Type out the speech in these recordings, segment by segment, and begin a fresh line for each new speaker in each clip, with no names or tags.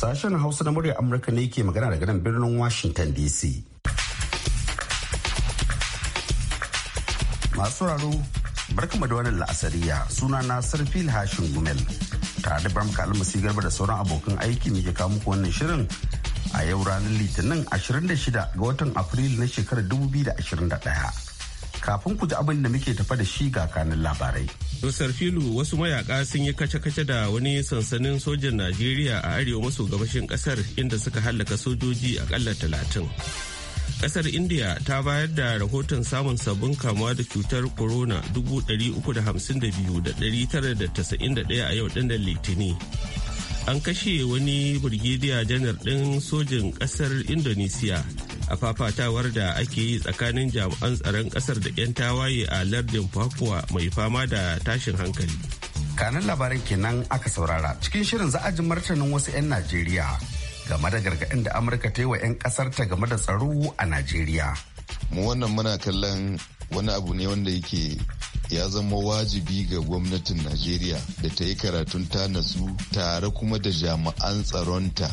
Sashen Hausa na muryar Amurka ne ke magana daga nan birnin Washington DC. Masu raro, barkama da wannan la'asariya suna na Sarfil Hashin Gumel. Tare da Bamka Almasi Garba da sauran abokan aiki muke kawo muku wannan shirin a yau ranar Litinin 26 ga watan Afrilu na shekarar 2021. Kafin ku ji abin da muke tafa da shi ga kanin labarai.
dosar filu wasu mayaka sun yi kace-kace da wani sansanin sojan najeriya a arewa maso gabashin kasar inda suka hallaka sojoji akalla talatin kasar india ta bayar da rahoton samun sabbin kamuwa da cutar corona 352,991 a yau da litini an kashe wani birgidiya janar ɗin sojin ƙasar indonesia a fafatawar da ake yi tsakanin jami'an tsaron kasar da 'yan tawaye a lardin papua mai fama da tashin hankali kanan
labarin kenan aka saurara cikin shirin za a ji martanin wasu 'yan najeriya game da gargaɗin da amurka ta yi wa 'yan kasar ta game da tsaro a najeriya
mu wannan muna kallon wani abu ne wanda yake ya zama wajibi ga gwamnatin najeriya da ta yi karatun ta nasu tare kuma da jami'an tsaronta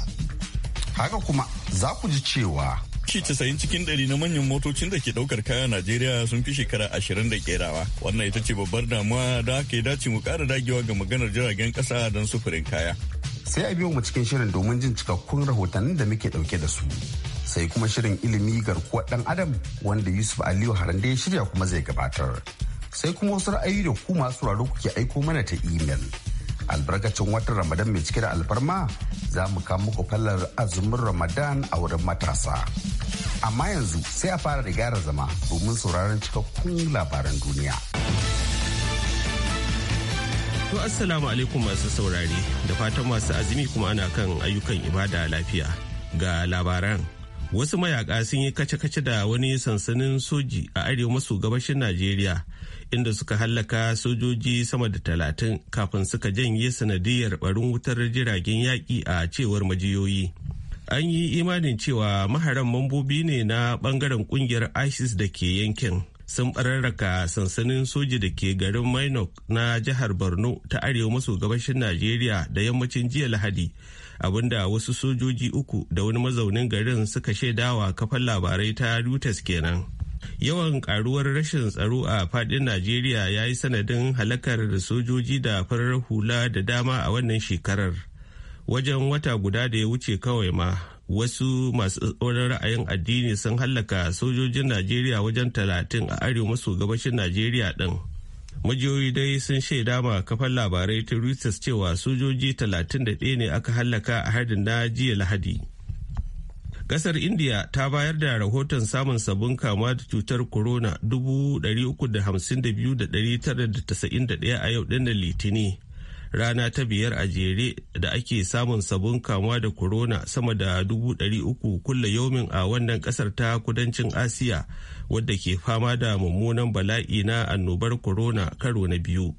haka kuma za ku ji cewa kashi casain cikin ɗari na manyan motocin da ke ɗaukar kaya Najeriya sun fi shekara ashirin da kerawa. Wannan ita ce babbar damuwa da aka yi dace mu ƙara dagewa ga maganar jiragen ƙasa don sufurin kaya.
Sai a biyo mu cikin shirin domin jin cikakkun rahotannin da muke ɗauke da su. Sai kuma shirin ilimi garkuwar ɗan adam wanda Yusuf Aliyu haran da ya shirya kuma zai gabatar. Sai kuma wasu ra'ayi da ku masu raro kuke aiko mana ta imel. albarkacin watan ramadan mai cike da alfarma za mu kawo muku fallar azumin ramadan a wurin matasa Amma yanzu sai a fara da gyara zama domin sauraron cikakkun labaran duniya.
To Assalamu alaikum masu saurare da fatan masu azumi kuma ana kan ayyukan ibada lafiya ga labaran. Wasu mayaka sun yi kace-kace da wani sansanin soji a arewa maso gabashin Najeriya inda suka hallaka sojoji sama da talatin kafin suka janye sanadiyar barin wutar jiragen yaƙi a cewar majiyoyi. an yi imanin cewa maharan mambobi ne na bangaren kungiyar isis da ke yankin sun bararraka sansanin soji da ke garin minok na jihar borno ta arewa maso gabashin najeriya da yammacin jiya lahadi abinda wasu sojoji uku da wani mazaunin garin suka shaidawa kafan labarai ta reuters kenan yawan karuwar rashin tsaro a fadin najeriya ya yi sanadin halakar sojoji da farar hula da dama a wannan shekarar wajen wata guda da ya wuce kawai ma wasu masu tsoron ra'ayin addini sun hallaka sojojin najeriya wajen talatin a arewa maso gabashin najeriya din majiyoyi dai sun shaida ma kafar labarai ta reuters cewa sojoji 31 ne aka hallaka a harin na jiya lahadi kasar india ta bayar da rahoton samun sabon kamuwa da cutar corona 352,991 a yau dinnan litini rana ta biyar a jere da ake samun sabon kamuwa da korona sama da dubu ɗari uku kulle yomin a wannan ƙasar ta kudancin asiya wadda ke fama da mummunan bala'i na annobar korona karo na biyu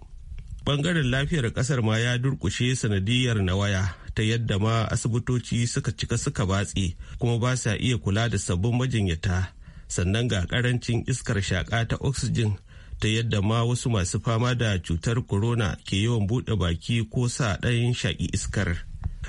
bangaren lafiyar ƙasar ma ya durkushe sanadiyar waya ta yadda ma asibitoci suka cika suka batse kuma ba sa iya kula da sabbin majinyata sannan ga karancin iskar shaka ta oxygen ta yadda ma wasu masu fama da cutar corona ke yawan buɗe baki ko sa ɗayan shaƙi iskar.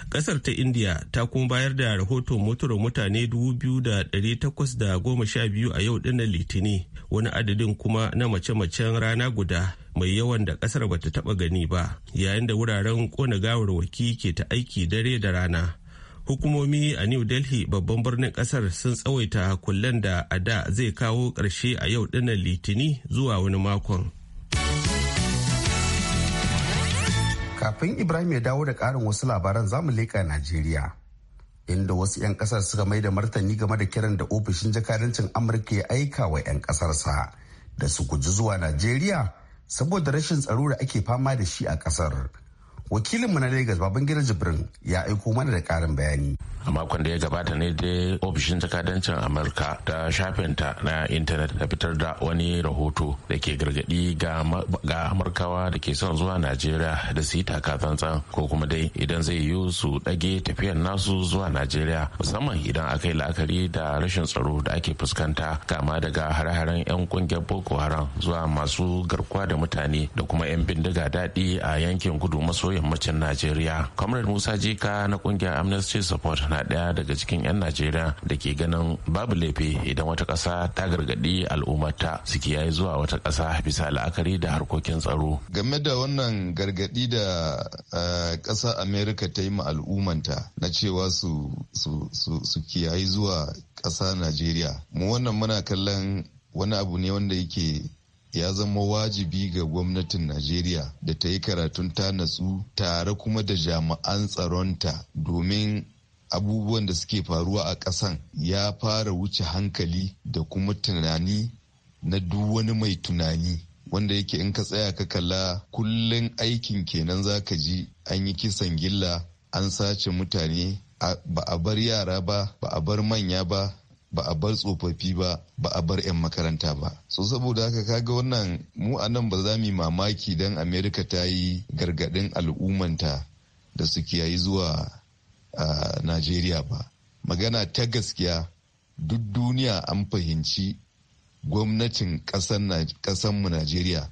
Ƙasar ta India ta kuma bayar da rahoton mutuwar mutane 2,812 a yau ɗin Litini, wani adadin kuma na mace-macen rana guda mai yawan da ƙasar bata taɓa gani ba, yayin da wuraren ƙona gawarwaki ke ta aiki dare da rana. hukumomi a new delhi babban birnin kasar sun tsawaita kullen da a da zai kawo ƙarshe a yau dinnan litini zuwa wani makon
kafin ibrahim ya dawo da ƙarin wasu labaran zamu leƙa najeriya inda wasu 'yan kasar suka mai da martani game da kiran da ofishin jakadancin amurka ya aika wa 'yan kasarsa da su guji zuwa najeriya saboda rashin tsaro da ake fama da shi a kasar. wakilinmu na lagos babangida jibrin ya aiko mana da karin bayani
a makon da ya gabata ne dai ofishin jakadancin amurka ta shafinta na intanet ta fitar da wani rahoto da ke gargadi ga amurkawa da ke son zuwa najeriya da su yi tsantsan ko kuma dai idan zai yiwu su dage tafiyar nasu zuwa najeriya musamman idan akai la'akari da rashin tsaro da ake fuskanta kama daga hare-haren 'yan kungiyar boko haram zuwa masu garkuwa da mutane da kuma 'yan bindiga daɗi a yankin kudu maso yammacin najeriya comrade musa jika na kungiyar amnesty support na daya daga cikin 'yan najeriya da ke ganin babu laifi idan wata ƙasa ta gargaɗi al'ummata su kiyaye zuwa wata ƙasa bisa la'akari da harkokin tsaro
game da wannan gargaɗi da ƙasa eh, america ta yi ma al'ummanta na cewa su su kiyaye zuwa ƙasa najeriya mu wannan muna kallon wani abu ne wanda yake ya zama wajibi ga gwamnatin najeriya da ta yi karatun ta natsu tare kuma da jami'an tsaronta domin abubuwan da suke faruwa a ƙasan ya fara wuce hankali da kuma tunani na duk wani mai tunani wanda yake in ka tsaya ka kalla kullum aikin kenan za ka ji an yi kisan gilla an sace mutane ba a bar yara ba ba a bar manya ba ba a bar tsofaffi ba ba a bar 'yan makaranta ba so saboda haka kaga wannan mu a nan ba za mu yi mamaki don amerika ta yi gargadin al'ummata da su kiyayi zuwa a najeriya ba magana ta gaskiya duk duniya an fahimci gwamnatin ƙasanmu nigeria.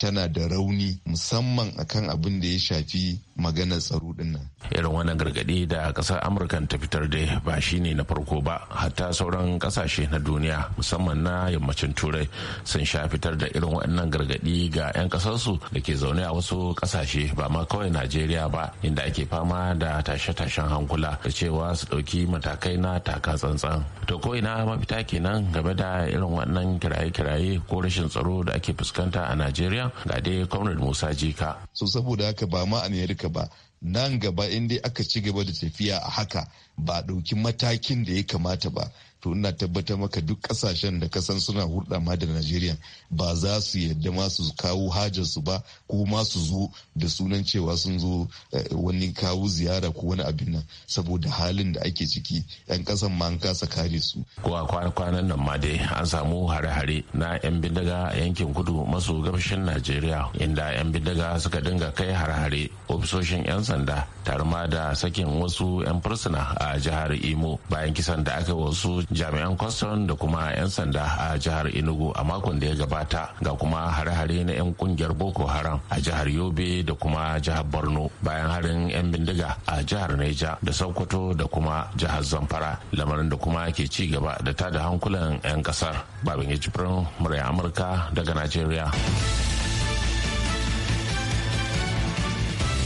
tana da rauni musamman akan abin da ya
shafi magana tsaro dinnan. nan. Irin wannan gargadi da kasar Amurka ta fitar da ba shi ne na farko ba, hatta sauran kasashe na duniya musamman na yammacin Turai sun sha fitar da irin wannan gargadi ga 'yan kasarsu da ke zaune a wasu kasashe ba ma kawai Najeriya ba inda ake fama da tashe-tashen hankula da cewa su ɗauki matakai na taka tsantsan. To ko ina mafita kenan game da irin wannan kiraye-kiraye ko rashin tsaro da ake fuskanta a Najeriya? ga dai comrade musa jika so saboda haka ba ma
yarka ba nan gaba in dai aka ci gaba da tafiya a haka ba ɗauki matakin da ya kamata ba to ina tabbatar maka duk kasashen da kasan suna hurɗa ma da najeriya ba za su yadda ma su kawo hajarsu ba ko ma su zo da sunan cewa sun zo eh, wani kawo ziyara ko wani abin nan saboda halin da ake ciki yan
kasan ma an kasa kare su ko a kwanan nan ma dai an samu hare-hare na yan bindiga a yankin kudu maso gabashin najeriya inda yan bindiga suka dinga kai hare-hare ofisoshin yan sanda tare ma da sakin wasu yan fursuna a jihar imo bayan kisan da aka wasu jami'an kwastam da kuma 'yan sanda a jihar enugu a makon da ya gabata ga kuma hare-hare na 'yan kungiyar boko haram a jihar yobe da kuma jihar borno bayan harin 'yan bindiga a jihar neja da sokoto da kuma jihar zamfara lamarin da kuma ke ci gaba da da hankulan 'yan kasar babin jibrin murya amurka daga najeriya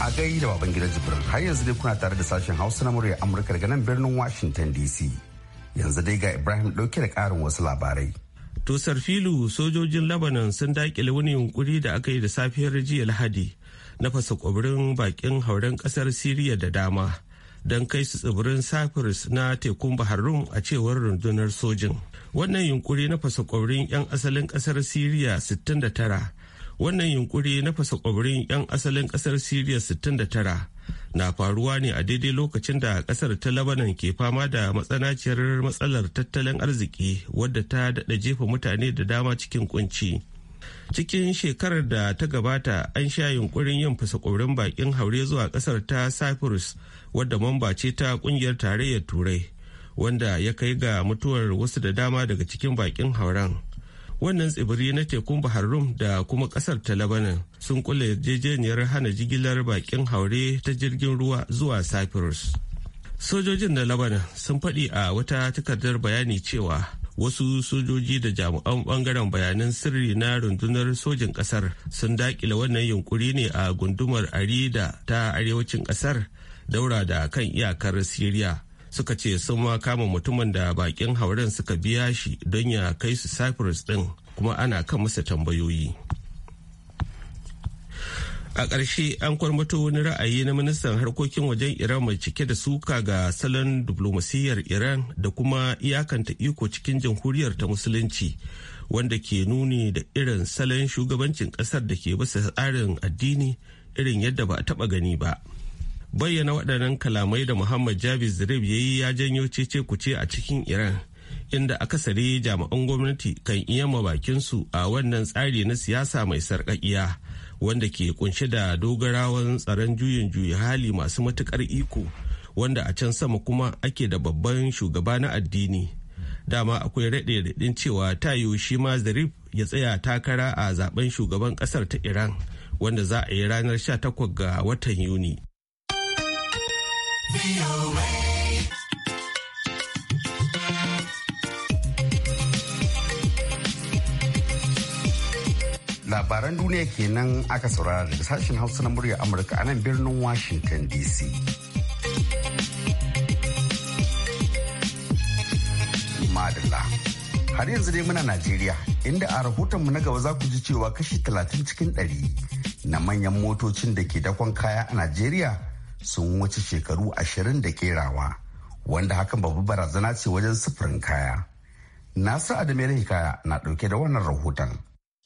a gai da baban jibrin har yanzu dai kuna tare da sashen hausa na murya amurka daga nan birnin washington dc yanzu dai ga ibrahim ɗauke da ƙarin wasu labarai
to sarfilu sojojin labanan sun daƙile wani yunkuri da aka yi da safiyar jiya lahadi na fasa kwabirin bakin hauren ƙasar siriya da dama don kai su tsibirin cyprus na tekun bahar rum a cewar rundunar sojin wannan yunkuri na fasa kwabirin 'yan asalin ƙasar siriya 69 wannan yunkuri na fasa kwabirin 'yan asalin ƙasar siriya 69 na faruwa ne a daidai lokacin da kasar ta labanan ke fama da matsanaciyar matsalar tattalin arziki wadda ta daɗa jefa mutane da dama cikin kunci cikin shekarar da ta gabata an sha yunkurin yin fasakorin bakin haure zuwa kasar ta cyprus wadda mamba ce ta kungiyar tarayyar turai wanda ya kai ga mutuwar wasu da dama daga cikin bakin hauren wannan tsibiri na tekun bahar rum da kuma kasar ta labanan sun kula yarjejeniyar hana jigilar bakin haure ta jirgin ruwa zuwa cyprus sojojin na labanan sun faɗi a wata takardar bayani cewa wasu sojoji da jami'an bangaren bayanan sirri na rundunar sojin kasar sun daƙile wannan yunkuri ne a gundumar arida ta arewacin kasar daura da kan iyakar siriya suka ce sun ma kama mutumin da bakin hauren suka biya shi don ya kai su cyprus din kuma ana kan masa tambayoyi a ƙarshe an kwarmato wani ra'ayi na ministan harkokin wajen iran mai cike da suka ga salon diplomasiyyar iran da kuma iyakanta iko cikin jamhuriyar ta musulunci wanda ke nuni da irin salon shugabancin ƙasar da ke bisa tsarin addini irin yadda ba a taɓa gani ba. bayyana waɗannan kalamai da muhammad jabi zarif ya yi ya janyo cece kuce a cikin iran inda akasari jami'an gwamnati kan iya bakinsu a wannan tsari na siyasa mai sarƙaƙiya wanda ke kunshe da dogarawan tsaron juyin juyi hali masu matuƙar iko wanda a can sama kuma ake da babban shugaba na addini dama akwai raɗe raɗin cewa ta shi ma zarif ya tsaya takara a zaben shugaban ƙasar ta iran wanda za a yi ranar 18 ga watan yuni
Labaran duniya kenan aka saurara daga sashen Hausa na murya Amurka a nan birnin Washington DC. Madalla. Har yanzu dai muna Najeriya inda a rahotonmu na gaba za ku ji cewa kashi 30 cikin 100 na manyan motocin da ke dakon kaya a Najeriya sun wuce shekaru ashirin da kerawa wanda hakan babu barazana ce wajen sufurin kaya. Nasir Adamu Hikaya na ɗauke da wannan rahoton.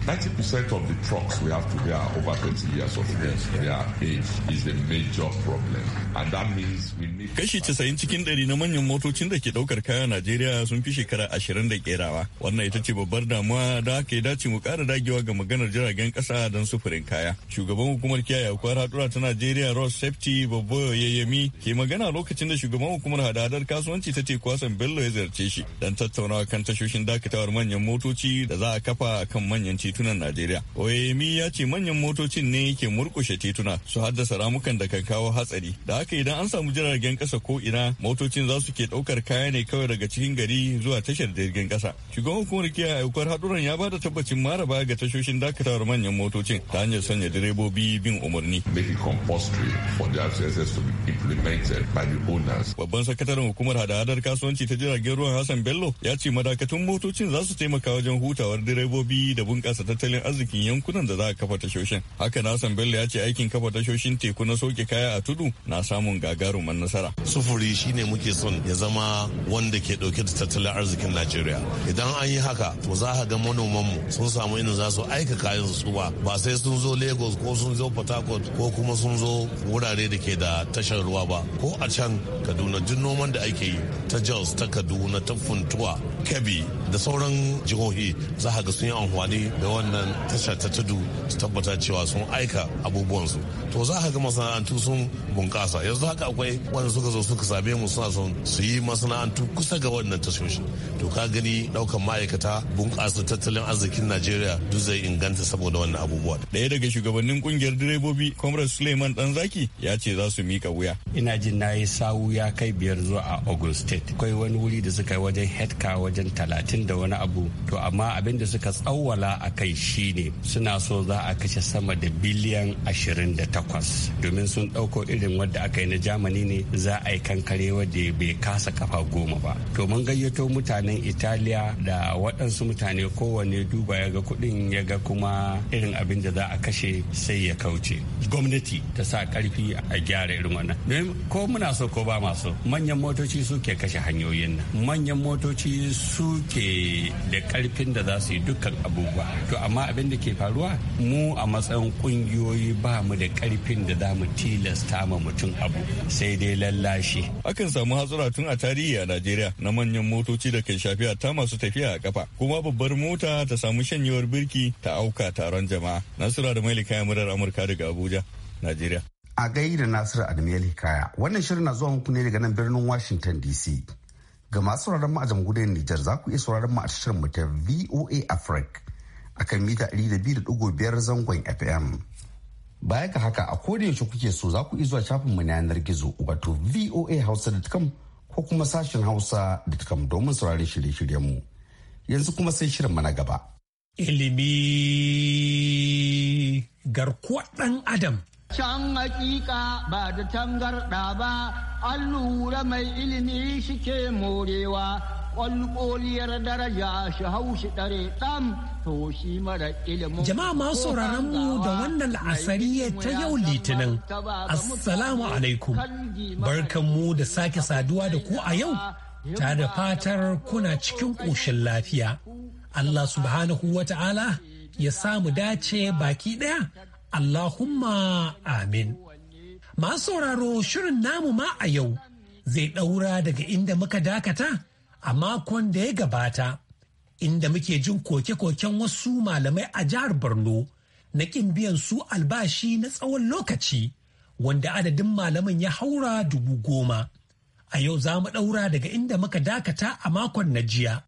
90% of the trucks we have today are over 20 years of age. Their age is a major problem. And that
means we need... Kashi 90 cikin ɗari na manyan motocin da ke ɗaukar kayan Najeriya sun fi shekara 20 da kerawa. Wannan ita ce babbar damuwa da aka yi dace mu ƙara dagewa ga maganar jiragen kasa don sufurin kaya. Shugaban hukumar kiyaye aukuwar haɗura ta Najeriya Ross Safety Babboyo yayyami ke magana lokacin da shugaban hukumar hadadar kasuwanci ta ce kwasan Bello ya ziyarce shi don tattaunawa kan tashoshin dakatawar manyan motoci da za a kafa kan manyan titunan Najeriya. Oyemi ya ce manyan motocin ne ke murkushe tituna su haddasa ramukan da kan kawo hatsari. Da haka idan an samu jiragen kasa ko ina motocin za su ke ɗaukar kaya ne kawai daga cikin gari zuwa tashar jirgin kasa. Shugaban hukumar kiyaye aukuwar haɗuran ya bada tabbacin maraba ga tashoshin dakatawar manyan motocin ta hanyar sanya direbobi bin umarni. Babban sakataren hukumar hada-hadar kasuwanci ta jiragen ruwan Hassan Bello ya ce madakatun motocin za su taimaka wajen hutawar direbobi da bunƙasa bunƙasa tattalin arzikin yankunan da za a kafa tashoshin. Haka Nasan Bello ya ce aikin kafa tashoshin teku na soke kaya a tudu na samun gagarumar nasara. Sufuri shine muke son ya zama wanda
ke ɗauke da tattalin arzikin Najeriya. Idan an yi haka to za ka ga manomanmu sun samu inda za su aika kayan su ba ba sai sun zo Lagos ko sun zo Port ko kuma sun zo wurare da ke da tashar ruwa ba ko a can Kaduna duk noman da ake yi ta Jos ta Kaduna ta Funtuwa Kebbi da sauran jihohi za ka ga sun yi amfani da da wannan tasha ta tudu su tabbata cewa sun aika abubuwansu to za ka ga masana'antu sun bunƙasa yanzu haka akwai wanda suka zo suka same mu suna son su yi masana'antu kusa ga wannan tashoshin to ka gani daukan ma'aikata bunƙasa tattalin arzikin najeriya duk zai inganta saboda wannan abubuwa
ɗaya daga shugabannin kungiyar direbobi comrade suleiman danzaki ya ce za su mika wuya ina jin na yi sawu ya kai biyar zuwa a ogun state akwai wani
wuri da suka yi wajen hedka wajen talatin da wani abu to amma abin da suka tsawwala a kai shi ne suna so za a kashe sama da biliyan 28 domin sun ɗauko irin wadda aka yi na jamani ne za a yi kankare wadda bai kasa kafa goma ba to mun gayyato mutanen italiya da waɗansu mutane kowane duba ya ga kuɗin ya ga kuma irin abin da za a kashe sai ya kauce gwamnati ta sa ƙarfi a gyara irin wannan domin ko muna so ko ba so manyan motoci suke kashe hanyoyin nan manyan motoci ke da ƙarfin da za su yi dukkan abubuwa to amma abin da ke faruwa mu a matsayin kungiyoyi ba mu da karfin da za mu tilasta
ma mutum abu sai dai lallashe akan samu hatsura tun a tarihi a najeriya na manyan motoci da kan shafi ta masu tafiya a kafa kuma babbar mota ta samu shanyewar birki ta auka taron jama'a nasura da mailika ya murar amurka daga abuja najeriya
a gaida nasiru adamiyar hikaya wannan shirin na zuwa muku ne daga nan birnin washington dc ga masu sauraron mu a jamhuriyar Nijar za ku iya sauraron mu a tashar mu ta VOA Africa a kan mita 200.5 zangon FM. Baya ga haka a yaushe kuke so za ku zuwa shafin mu na yanar gizo wato voa hausa.com ko kuma sashen hausa.com domin saurari shirye-shiryen mu. Yanzu kuma sai shirin mana gaba.
Ilimi garkuwa dan Adam.
Can hakika ba da tangarɗa ba, allura mai ilimi shike morewa daraja shi hau Jama'a ma sauraron mu da wannan la'asariya ta yau
litinin. Assalamu alaikum. Barkan mu da sake saduwa da ku a yau. Ta da fatar kuna cikin ƙoshin lafiya. Allah subhanahu wa ta'ala ya samu dace baki ɗaya. Allahumma amin. Masu sauraro shirin namu ma a yau zai ɗaura daga inda muka dakata. a makon da ya gabata inda muke jin koke-koken wasu malamai a jihar borno na ƙin biyan su albashi na tsawon lokaci wanda adadin malaman ya haura dubu goma a yau za mu ɗaura daga inda muka dakata a makon na jiya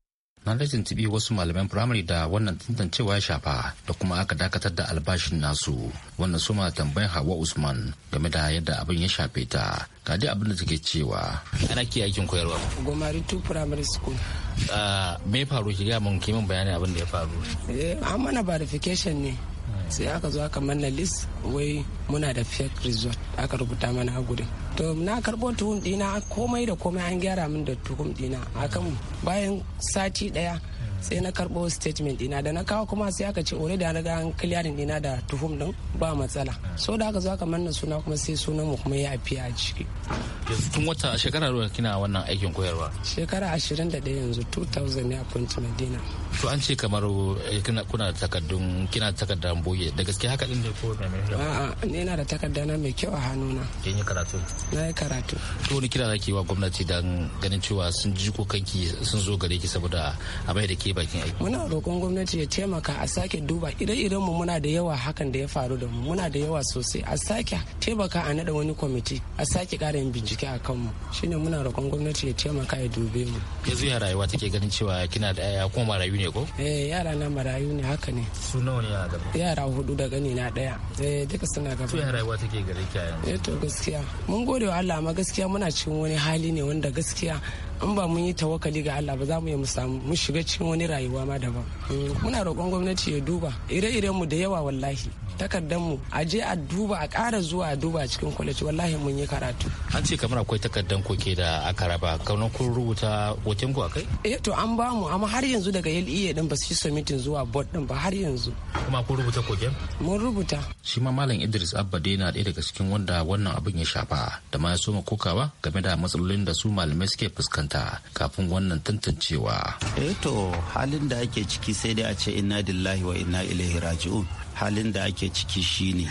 na da tuntuɓi wasu malaman firamare da wannan tantancewa ya shafa da kuma aka dakatar da albashin nasu wannan suma tambayin hawa usman game da yadda abin ya shafe ta ga dai abin da take cewa ana ke aikin koyarwa gomari tu
primary school
ah, me faru ki ga mun kimin bayani abin da ya faru
eh an mana verification ne sai aka zo aka manna list wai muna da fake result aka rubuta mana a gurin to na karɓo tuhum ɗina komai da komai an gyara min da tuhum ɗina kan bayan sati ɗaya sai na karɓo statement ɗina da na kawo kuma sai aka ce ore da na an kiliyarin ɗina da tuhum ɗin ba matsala so da aka zo aka manna suna kuma sai sunan mu kuma ya fi a ciki
yanzu tun wata shekara ruwa kina wannan aikin koyarwa
shekara 21 yanzu 2000 ne appointment ɗina
to an ce kamar eh, kuna kuna takardun kina takardar boye da gaske haka din ne ko da a'a
ne na da takarda na mai kyau a hannuna kin yi karatu na yi karatu
to wani kira zaki wa gwamnati don ganin cewa sun ji kokanki sun zo gare ki saboda a mai da ke bakin aiki
muna roƙon gwamnati ya taimaka a sake duba ire-iren mu muna da yawa hakan da ya faru da mu muna da yawa sosai a sake taimaka a nada wani kwamiti a sake ƙara yin bincike a kanmu shine muna roƙon gwamnati ya taimaka ya dube mu
yanzu ya rayuwa take ganin cewa kina da yaya kuma marayu ne ko
eh yara na marayu ne haka ne su nawa ne yara gaba yara hudu da gani na ɗaya. eh duka suna gaba to ya rayuwa take gare ki yanzu eh to gaskiya mun gode wa Allah amma gaskiya muna cikin wani hali ne wanda gaskiya in ba mun yi tawakali ga Allah ba za mu yi mu samu mu shiga cikin wani rayuwa ma daban mm, muna roƙon gwamnati ya duba ire-iren mu da yawa wallahi takardar mu a je a duba a ƙara zuwa a duba cikin kwalaci wallahi mun yi karatu
an ce kamar akwai takardar ke da aka raba kaunan kun rubuta hoton
ku akai eh to an ba mu amma har yanzu daga LEA din ba su yi submitin zuwa board din ba har yanzu
kuma kun rubuta koken
mun rubuta
shi ma malam Idris Abba dai na ɗaya daga cikin wanda wannan abin ya shafa da ma ya soma kokawa game da matsalolin da su malamai suke fuskanta fuskanta kafin
wannan tantancewa. Eto, eh halin da ake ciki sai dai a ce inna dillahi wa inna ilaihi raji'un. Halin da ake ciki shine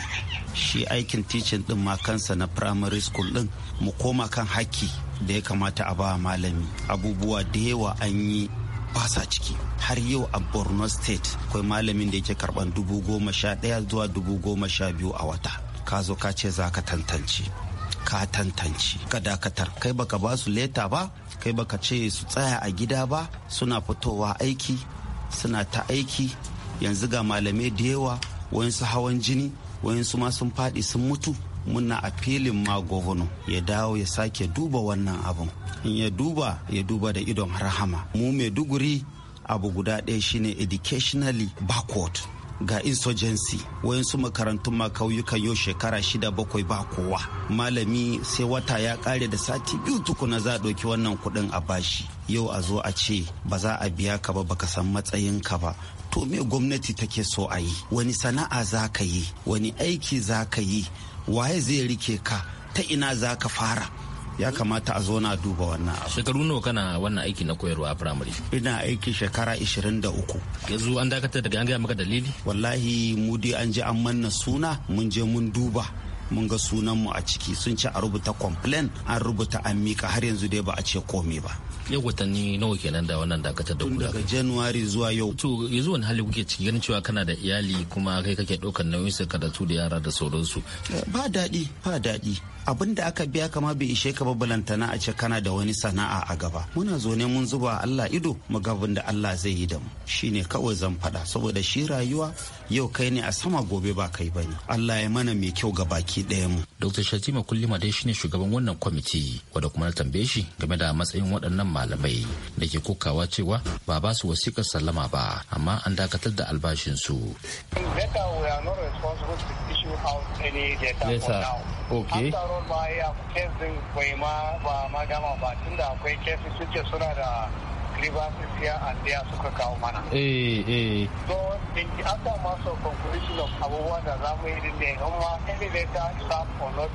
shi aikin teaching din ma kansa na primary school din mu koma kan haki da ya kamata a ba malami abubuwa da yawa an yi basa ciki har yau a borno state akwai malamin da yake karban dubu goma sha ɗaya zuwa dubu goma sha biyu a wata ka zo ka ce za ka tantance ka tantance ka dakatar kai baka ba su leta ba kai baka ce su tsaya a gida ba suna fitowa aiki suna ta aiki yanzu ga malamai da yawa wayansu hawan jini wayansu ma sun faɗi sun mutu muna a filin ma govano ya dawo ya sake duba wannan abun. in ya duba ya duba da idon rahama mu maiduguri abu guda ɗaya shine educationally backward ga insurgency wayansu makarantun ma kauyukan yau shekara shida bakwai ba kowa malami sai wata ya kare da sati biyu tukuna za a ɗauki wannan kuɗin a bashi yau a zo a ce ba za a biya ka ba baka san matsayinka ba to me gwamnati take so a yi wani sana'a za ka yi wani aiki za ka yi waye zai rike ka ta ina za ka fara ya kamata a zo na duba wannan
abu shekaru nawa kana wannan aiki na
koyarwa a firamare ina aiki shekara 23 yanzu an dakatar daga an gaya maka dalili wallahi mu dai an je an manna suna mun je mun duba mun ga sunanmu a ciki sun ce a rubuta complain an rubuta an mika har yanzu dai ba a ce komai ba
yau watanni nawa kenan da wannan dakatar da kula daga january zuwa yau to yanzu wani hali kuke ciki ganin cewa kana da
iyali kuma kai kake ɗaukar nauyin su karatu da yara da sauransu ba daɗi ba daɗi abin da aka biya kama bai ishe ka balantana a ce kana da wani sana'a a gaba muna zo ne mun zuba Allah ido mu ga abin da Allah zai yi da mu shine kawai zan faɗa saboda shi rayuwa yau kai ne a sama gobe ba kai bane Allah ya mana mai kyau ga baki ɗaya mu Dr. Shatima Kullima dai shine shugaban wannan kwamiti wanda kuma na tambaye shi game da matsayin waɗannan malamai
da ke kokawa cewa ba ba su wasikar sallama ba amma an dakatar da albashin su
Lesa. Okay. After ba ya kesin ma ba ma gama ba akwai kesin sun ce suna da grievances here suka kawo mana. Eh eh. So in the after conclusion of
abubuwa da zamu yi din in ma or not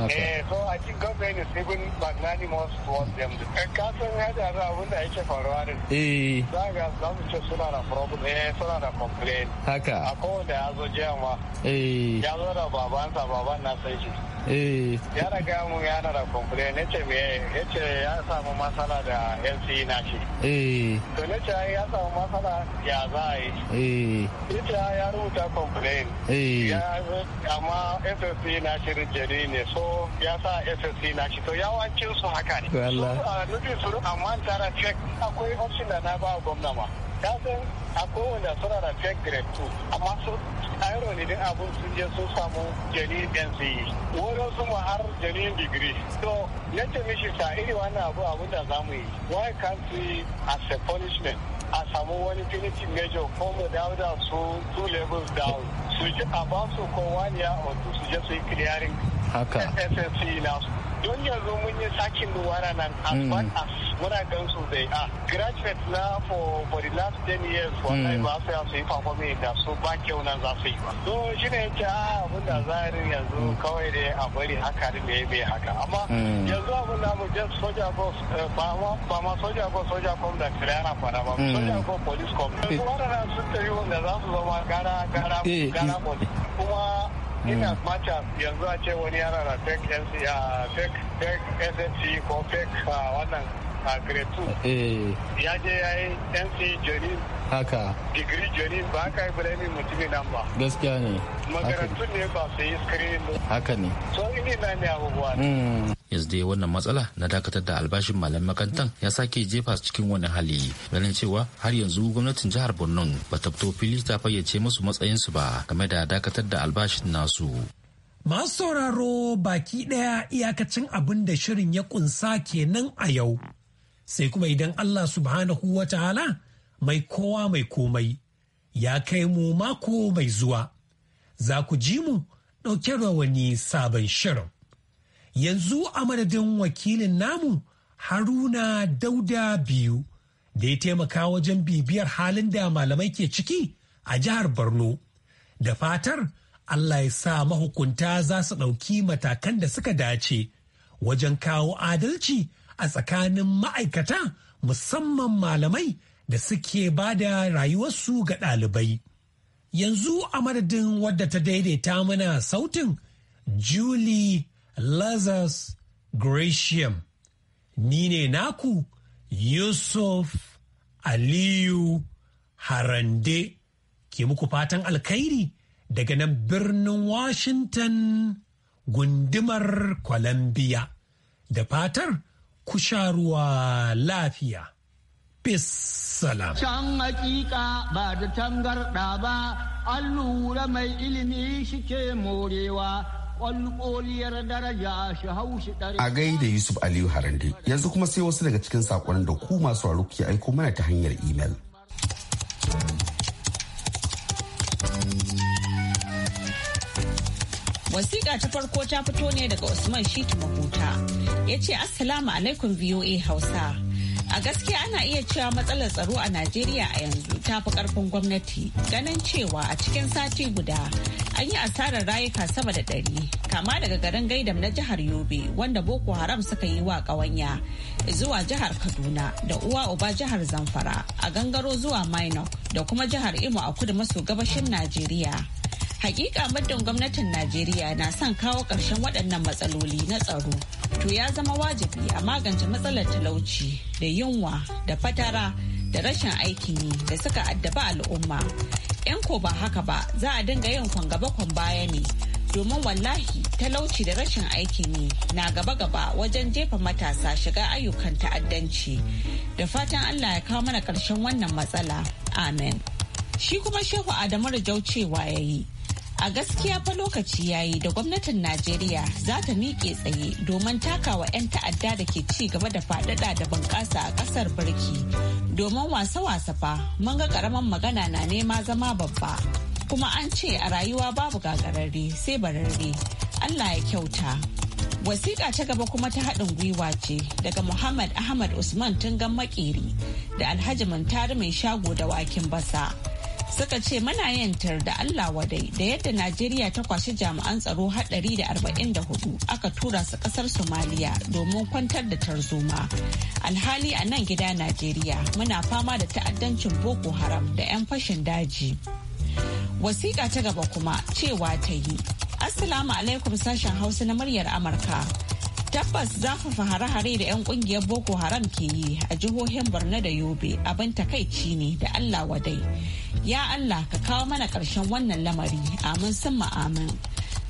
Okay. so I think government is even magnanimous towards them. Eh, ka san yadda a abin da yake faruwa ne. Eh. Za ga za mu ce suna da problem eh suna da complain. Haka. A kowanne ya zo jiyan ma. Eh. Ya zo da babansa
baban na sai shi. Eh. Ya
raga mu ya na da complain ya ce me ya ce ya samu masala da LC na shi. Eh. To ne ce ya samu matsala ya za a yi. Eh. Ya ce ya rubuta complain. Eh. Ya amma FSC na shirin rijeri ne so ya sa SSC na shi to yawancin su haka ne. su a ah, Nufin su amma tara check akwai option da na ba gwamna ma. ya san akwai wanda suna da check grade two amma su irony din abun sun je sun samu jani NCE. Wurin su ma har jani degree. To na ce mishi sa iri wannan abu abun da za mu yi. Why can't we as a punishment a samu wani finishing major ko mu dawo da su two levels down su a ba su ko wani or su je su yi clearing haka ssc nasu don yanzu mun yi sakin duwara nan as hmm. far as muna gan su dai a graduate na for for the last 10 years wallahi hmm. ba su ya su yi performing da su ba kyau nan za su yi ba so shi ne yake ah, a abin da zarin yanzu hmm. kawai dai a bari haka da me bai haka amma yanzu abin da mu just soja boss eh, ba ma ba ma soja boss soja com da kirana fara ba soja com police com yanzu waɗannan sun tafi wanda za su zama gara gara eh, gara eh, police kuma ina mata hmm. yanzu a ce wani yana da fake ssc ko fake wannan a grade 2 eh. ya je ya yi nc jarin haka digiri jarin ba ka yi bulani mutumin nan ba gaskiya ne makarantun ne ba su yi screening haka ne so ini ne abubuwa
hmm. yanzu dai wannan matsala na dakatar da albashin malam makantan ya sake jefa su cikin wani hali ganin cewa har yanzu gwamnatin jihar borno ba ta fito fili ta fayyace musu matsayinsu ba game da dakatar da albashin nasu
masu sauraro baki daya iyakacin abin da shirin ya kunsa kenan a yau sai kuma idan allah subhanahu wa ta'ala mai kowa mai komai ya kai mu mako mai zuwa za ku ji mu ɗauke da wani sabon shirin yanzu a madadin wakilin namu haruna dauda biyu da ya taimaka wajen bibiyar halin da malamai ke ciki a jihar borno da fatar allah ya sa mahukunta za su ɗauki matakan da suka dace wajen kawo adalci a tsakanin ma'aikata musamman malamai da suke ba da rayuwarsu ga ɗalibai yanzu a madadin wadda ta daidaita mana sautin julie Lazarus Gratiam, ni ne naku Yusuf Aliyu Harande ke muku fatan alkhairi daga nan birnin Washington gundumar Columbia da fatar ku ruwa lafiya. Can
hakika ba da tangarda ba, allura mai ilimi shi ke morewa. kwalkoliyar daraja
shi Yusuf Aliyu Harande yanzu kuma sai wasu daga cikin sakonnin da ku masu raro ke aiko mana ta hanyar imel.
Wasiƙa ta farko ta fito ne daga Usman Shitu Mahuta. Ya ce Assalamu alaikum VOA Hausa. A gaskiya ana iya cewa matsalar tsaro a Najeriya a yanzu ta fi ƙarfin gwamnati ganin cewa a cikin sati guda an yi asarar rayuka sama da ɗari kama daga garin gaidam na jihar yobe wanda boko haram suka yi wa ƙawanya zuwa jihar kaduna da uwa uba jihar zamfara a gangaro zuwa minor da kuma jihar imo a kudu maso gabashin najeriya hakika muddin gwamnatin najeriya na son kawo ƙarshen waɗannan matsaloli na tsaro to ya zama wajibi a magance matsalar talauci da yunwa da fatara da rashin aikin yi da suka addaba al'umma 'yan ko ba haka ba za a dinga yin kwan gaba kwan baya ne domin wallahi talauci da rashin aikin yi na gaba-gaba wajen jefa matasa shiga ayyukan ta'addanci da fatan allah ya kawo mana karshen wannan matsala amen shi kuma shehu adamu rajau cewa ya yi a gaskiya fa lokaci ya yi da gwamnatin najeriya za ta miƙe tsaye domin takawa 'yan ta'adda da ke ci gaba da faɗaɗa da bunƙasa a ƙasar birki Domin wasa-wasa fa mun ga ƙaramin magana na nema zama babba. Kuma an ce a rayuwa babu gagararre sai bararre. Allah ya kyauta. wasiƙa ta gaba kuma ta haɗin gwiwa ce daga muhammad ahmad usman tun gan makeri da alhaji mai shago da wakin basa suka ce muna yantar da Allah wadai da yadda Najeriya ta kwashi jami'an tsaro haɗari da arba'in da hudu aka tura su ƙasar Somaliya domin kwantar da tarzoma. Alhali a nan gida Najeriya muna fama da ta'addancin Boko Haram da 'yan fashin daji. Wasiƙa ta gaba kuma cewa ta yi. Assalamu alaikum sashen Hausa na muryar Amurka. Tabbas zafafa hare-hare da 'yan kungiyar Boko Haram ke yi a jihohin Borno da Yobe abin takaici ne da Allah wadai. Ya Allah ka kawo mana karshen wannan lamari amin sun amin.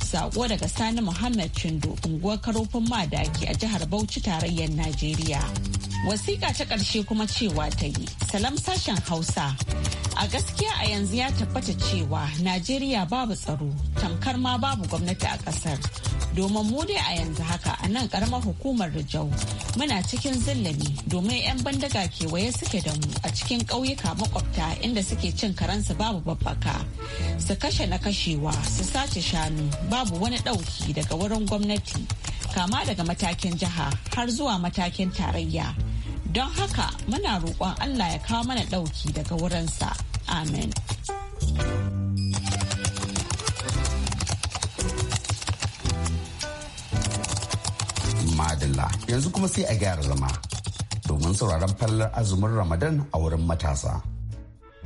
Sako daga Sani Muhammad Chindo unguwar karofin madaki a jihar Bauchi tarayyar Najeriya. Wasiƙa ta ƙarshe kuma cewa ta yi, salam sashen Hausa. A gaskiya a yanzu ya tabbata cewa Najeriya babu tsaro, tamkar ma babu gwamnati a ƙasar. domin mu dai a yanzu haka a nan karamar hukumar Rijau muna cikin zillami domin 'yan bandaga kewaye suke da mu a cikin ƙauyuka makwabta inda suke cin karansu babu babbaka su kashe na kashewa su sace shanu babu wani ɗauki daga wurin gwamnati kama daga matakin jiha har zuwa matakin tarayya. Don haka muna roƙon Allah ya kawo mana ɗauki daga wurinsa. Amen.
Madalla yanzu kuma sai a gyara zama domin sauraron fallar azumin Ramadan a wurin matasa.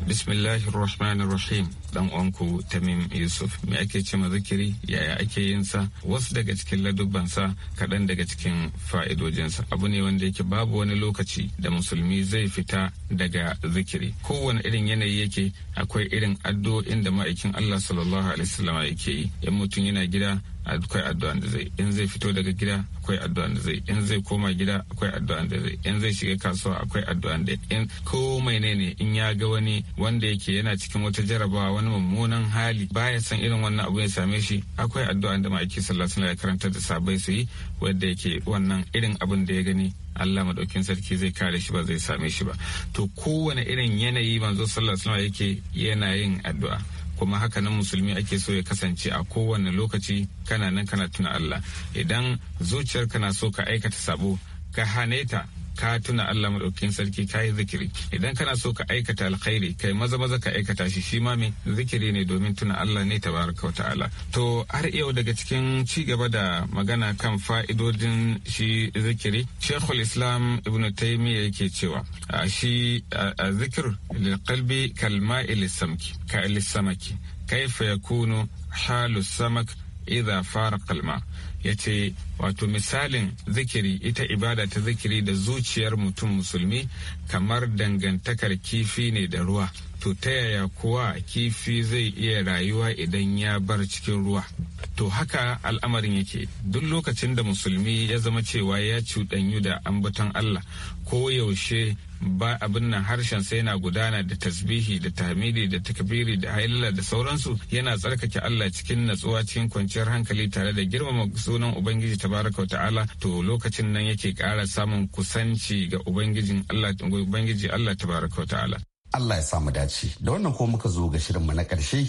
bismillahir rahmanir rahim dan uwanku tamim yusuf me ake ce ma zikiri yaya ake yin sa wasu daga cikin ladubansa kaɗan daga cikin fa'idojinsa abu ne wanda yake babu wani lokaci da musulmi zai fita daga zikiri kowane irin yanayi yake akwai irin addu'o'in da ma'aikin allah sallallahu alaihi wasallam yake yi in mutum yana gida akwai addu'an da zai in zai fito daga gida akwai addu'an da zai in zai koma gida akwai addu'an da zai in zai shiga kasuwa akwai addu'an da in ko mai ne in ya ga wani wanda yake yana cikin wata jarabawa wani mummunan hali baya san irin wannan abu ya same shi akwai addu'an da ma'aiki sallah suna wasallam karanta da sabai su yi wanda yake wannan irin abin da ya gani Allah madaukin sarki zai kare shi ba zai same shi ba to kowane irin yanayi manzo sallallahu alaihi yake yana yin addu'a kuma haka nan musulmi ake so ya kasance a kowane lokaci kana nan kana tuna Allah idan zuciyarka na so ka aikata sabo ka hane ta ka tuna Allah maɗaukin sarki ka yi zikiri idan kana so ka aikata alkhairi kai maza maza ka aikata shi shi ma me zikiri ne domin tuna Allah ne tabaraka ta'ala to har yau daga cikin ci gaba da magana kan fa'idodin shi zikiri Sheikhul Islam Ibn Taymiyyah yake cewa shi zikir lil qalbi kal ka samaki kaifa yakunu halu samak idha faraqa ya ce wato misalin zikiri ita ibada ta zikiri da zuciyar mutum musulmi kamar dangantakar kifi ne da ruwa to ta yaya kuwa kifi zai iya rayuwa idan ya bar cikin ruwa to haka al'amarin yake duk lokacin da musulmi ya zama cewa ya cuɗanyu da ambaton allah ko yaushe ba abin nan harshen sai yana gudana da tasbihi da tahmidi da takbiri da hailala da sauransu yana tsarkake Allah cikin natsuwa cikin kwanciyar hankali tare da girmama sunan ubangiji tabaraka wa ta'ala to lokacin nan yake kara samun kusanci ga ubangijin Allah ubangiji Allah tabaraka wa ta'ala
Allah ya samu dace da wannan ko muka zo ga shirinmu na karshe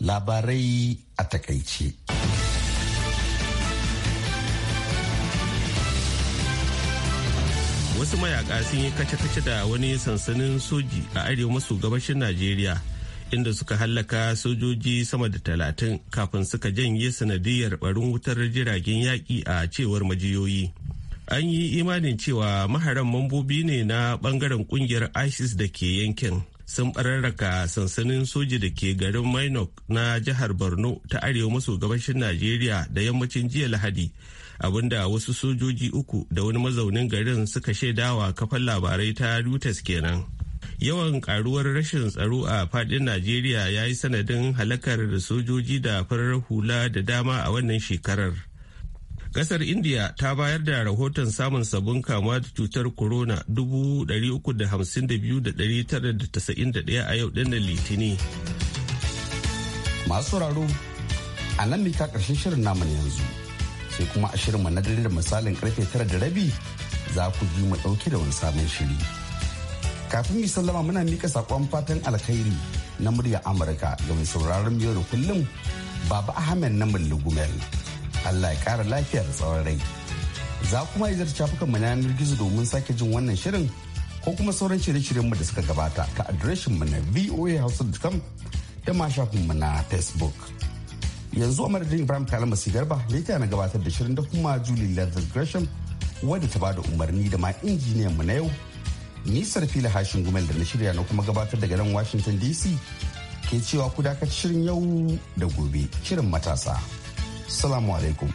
labarai a takaice.
wasu mayaka sun yi kace-kace da wani sansanin soji a arewa maso gabashin najeriya inda suka hallaka sojoji sama da talatin kafin suka janye sanadiyar barin wutar jiragen yaƙi a cewar majiyoyi an yi imanin cewa maharan mambobi ne na bangaren kungiyar isis da ke yankin sun bararraka sansanin soji da ke garin mainok na jihar borno ta arewa maso gabashin najeriya da yammacin jiya lahadi abinda wasu sojoji uku da wani mazaunin garin suka shaidawa kafar labarai ta Reuters kenan. Yawan karuwar rashin tsaro a fadin Najeriya ya yi sanadin halakar da sojoji da farar hula da dama a wannan shekarar. Kasar India ta bayar da rahoton samun sabon kama da cutar corona 352,991 a yau ɗin litini. Masu sauraro a nan ne ta ƙarshen shirin namu yanzu. sai kuma a mu
na dare da misalin karfe tara da rabi za ku ji mu dauke da wani sabon shiri. Kafin mu sallama muna mika sakon fatan alkhairi na murya Amurka ga mai sauraron yau da kullum Baba Ahmed na Mulugumel. Allah ya kara lafiya da tsawon rai. Za kuma yi zarta shafukan mu yanar gizo domin sake jin wannan shirin ko kuma sauran shirye-shiryen mu da suka gabata ta adireshin mu na voahausa.com da ma shafin mu na Facebook. yanzu a madadin ibrahim kalama garba da na gabatar da shirin da kuma julie leather gresham wadda ta bada umarni da ma injiniyan mu na yau nisar fila hashin gumel da na shirya na kuma gabatar da nan washington dc ke cewa ku dakatar shirin yau da gobe shirin matasa salamu alaikum